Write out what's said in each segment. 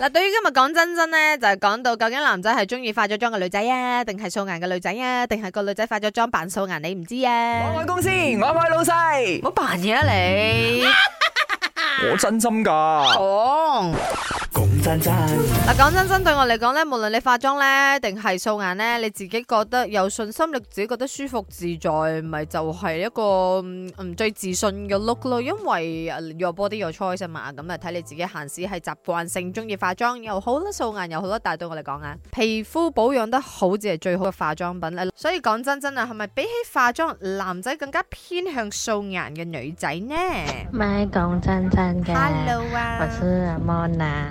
嗱，對於今日講真真咧，就係講到究竟男仔係中意化咗妝嘅女仔啊，定係素顏嘅女仔啊，定係個女仔化咗妝扮素顏？你唔知啊？我開公司，我開老細，冇扮嘢啊你！ 我真心噶。哦！Oh. 嗱，講真真、， 啊、真真對我嚟講咧，無論你化妝咧定係素顏咧，你自己覺得有信心力，你自己覺得舒服自在，咪就係一個嗯最自信嘅 look 咯。因為 your body your choice 嘛，咁啊睇你自己行事係習慣性中意化妝又好啦，素顏又好啦。但係對我嚟講啊，皮膚保養得好先係最好嘅化妝品。所以講真真啊，係咪比起化妝，男仔更加偏向素顏嘅女仔呢？咪講真真嘅，Hello 啊、我是 o 莫娜。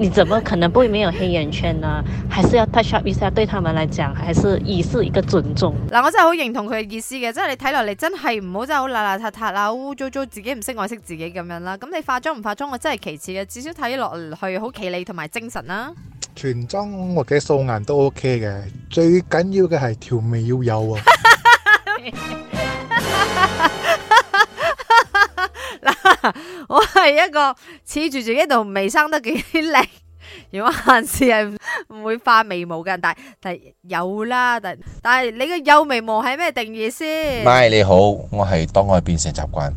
你怎麼可能不會沒有黑眼圈呢？還是要 touch up 一下，對他們來講，還是以示一個尊重。嗱，我真係好認同佢嘅意思嘅，即係你睇落嚟，真係唔好真係好邋邋遢遢啦、污糟糟，自己唔識愛惜自己咁樣啦。咁你化妝唔化妝，我真係其次嘅，至少睇落去好企理同埋精神啦。全妝或者素顏都 OK 嘅，最緊要嘅係條眉要有啊。 我係一個恃住自己度眉生得幾靚，如果閒時係唔會化眉毛嘅，但係但係有啦，但係你個有眉毛係咩定義先？咪你好，我係當我變成習慣，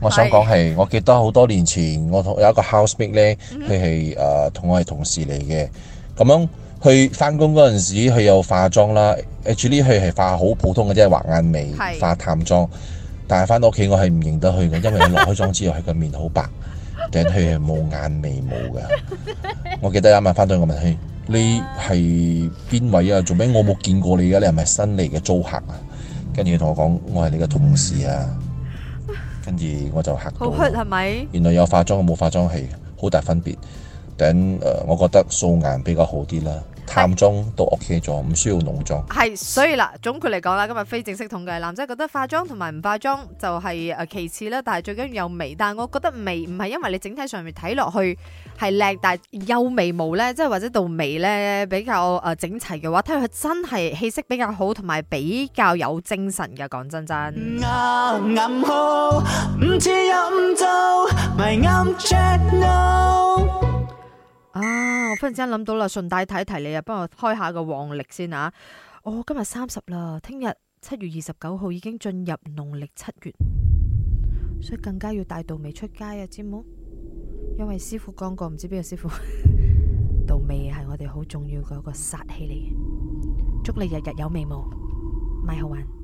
我想講係我記得好多年前，我同有一個 housemate 咧，佢係誒同我係同事嚟嘅，咁樣去翻工嗰陣時，佢有化妝啦，誒，呢啲佢係化好普通嘅啫，畫眼眉、化淡妝。.但係返到屋企，我係唔認得佢嘅，因為佢落開妝之後，佢個面好白，頂佢係冇眼眉毛嘅。我記得一晚返到，我問佢，你係邊位啊？做咩我冇見過你嘅啊？你係咪新嚟嘅租客啊？跟住佢同我講，我係你嘅同事啊！跟住我就嚇到。係咪？原來有化妝嘅冇化妝係好大分別。等誒，我覺得素顏比較好啲啦，淡妝都 O K 咗，唔需要濃妝。係，所以啦，總括嚟講啦，今日非正式統計，男仔覺得化妝同埋唔化妝就係誒其次啦，但係最緊要有眉。但係我覺得眉唔係因為你整體上面睇落去係靚，但係有眉毛咧，即係或者到眉咧比較誒整齊嘅話，睇落去真係氣色比較好，同埋比較有精神嘅。講真真。唔知啱。嗯啊！我忽然之間諗到啦，順帶提一提你啊，幫我開下個黃曆先啊，哦，今日三十啦，聽日七月二十九號已經進入農曆七月，所以更加要帶杜美出街啊，知冇？因為師傅講過，唔知邊個師傅，杜美係我哋好重要嗰個煞氣嚟。祝你日日有眉毛，咪好玩。